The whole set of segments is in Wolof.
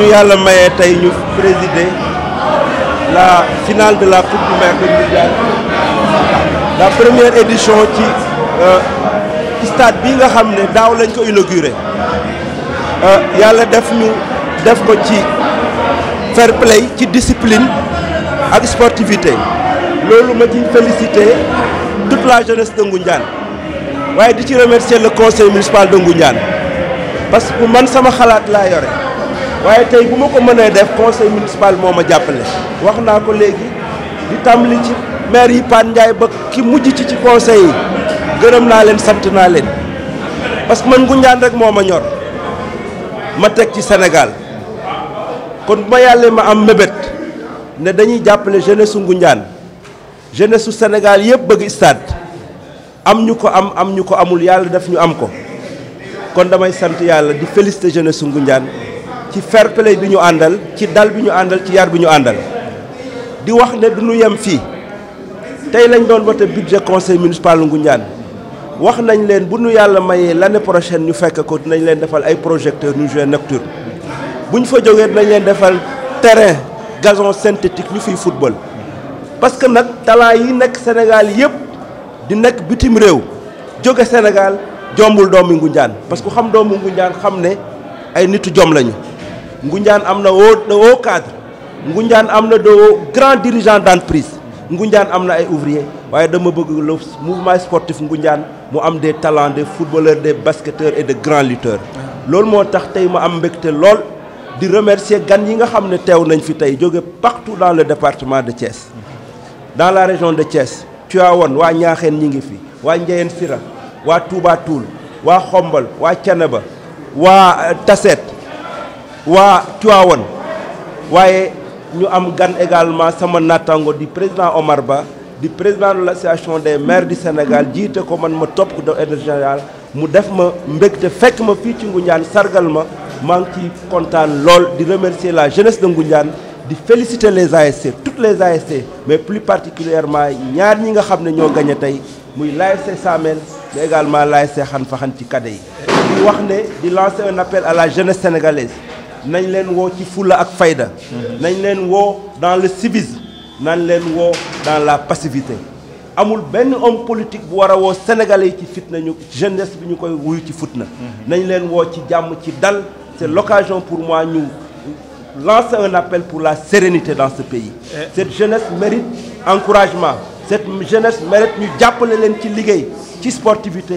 ñu yàlla mayee ñu présider la finale de la coupe du maire mondiale la première édition ci euh, stade bi nga xam ne inauguré nous euh, def ñu def ko ci fair play ci discipline ak sportivité loolu ma félicité féliciter toute la jeunesse de Ngoundian. je di remercier le conseil municipal de Ngoundian. parce que man sama xalaat laa yore waaye tey bu ma ko mënee def conseil municipal moo ma jàppale wax naa ko léegi di tàmbali ci maire yi Pane Ndiaye ba ki mujj ci ci conseil yi gërëm naa leen sant naa leen parce que man Ngoundiane rek moo ma ñor ma teg ci Sénégal kon bu ma yàllee ma am mébét ne dañuy jàppale jeunesse su Ngoundiane jeunesse su Sénégal yëpp bëgg stade am ñu ko am am ñu ko amul yàlla def ñu am ko kon damay sant yàlla di féliciter jeunesse su Ngoundiane ci fair play bi ñu àndal ci dal bi ñu àndal ci yar bi ñu àndal di wax ne du ñu yem fii tey lañ doon voté budget conseil municipal Ngoundiane wax nañ leen bu ñu yàlla mayee l'année prochaine ñu fekk ko dinañ leen defal ay projecteurs ñu joué nocturne bu ñu fa jógee dinañ leen defal terrain gazon synthétique ñu fiy football. parce que nag talent yi nekk Sénégal yëpp di nekk bitim réew jóge Sénégal jombul doomu Ngoundiane parce que xam doomu Ngoundiane xam ne ay nitu jom lañu. Ngundian amna na haut de haut cadre Ngundian amna de grand dirigeant d'entreprise Ngundian amna ay ouvrier Waye dama bëgg le mouvement sportif Ngundian mu am des talents des footballeurs des basketteurs et de grands lutteurs Lool moo tax tey ma am mbégte lool di remercier gan yi nga xam ne nañ fi tay jogé partout dans le département de Thiès dans la région de Thiès Tivaouane waa Ñaaxeen ñi ngi fi waa Njeyeen Sira waa Touba Toul wa Xombal wa Thiénaba wa Tasset wa Tivaouane waye ñu am gan également sama natango di président Omar Ba di président de l'association des maires du Sénégal jiite ko man ma topp ko de général mu def ma mbégte fekk ma fi ci Ngoundiane sargal ma maa ci contane lol di remercier la jeunesse de Ngoundiane di féliciter les ASC toutes les ASC mais plus particulièrement ñaar ñi nga xamné ne ñoo gañe tey muy l'ASC Samel mais également l'ASC Xan Faxan ci cadeau yi di wax ne di lancer un appel à la jeunesse sénégalaise nañ leen woo ci fulla ak fayda nañ leen woo dans le civisme nañ leen woo dans la passivité amul benn homme politique bu war a sénégalais ci fitna ñu jeunesse bi ñu koy wuyu ci fitna nañ leen woo ci jàmm ci dal c'est l'occasion pour moi ñu lancer un appel pour la sérénité dans ce pays cette jeunesse mérite encouragement cette jeunesse mérite ñu jàppale leen ci liggéey ci sportivité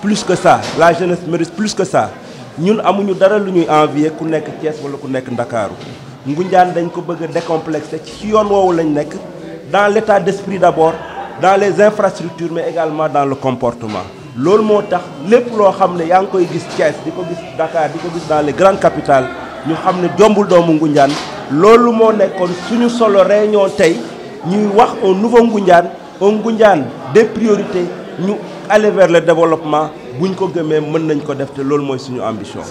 plus que ça la jeunesse mérite plus que ça Nous avons envie lu ñuy envier ku nekk Thiès wala ku nekk Nous dañ ko bëgg décomplexer dans l'état d'esprit d'abord, dans les infrastructures mais également dans le comportement C'est Thiès Dakar di dans les grandes capitales ñu xam ne jombul doomu Ngoundiane loolu moo Nous suñu solo nous un nouveau un des priorités ñu aller vers le développement bu ñu ko gëmee mën nañ ko def te loolu mooy suñu ambition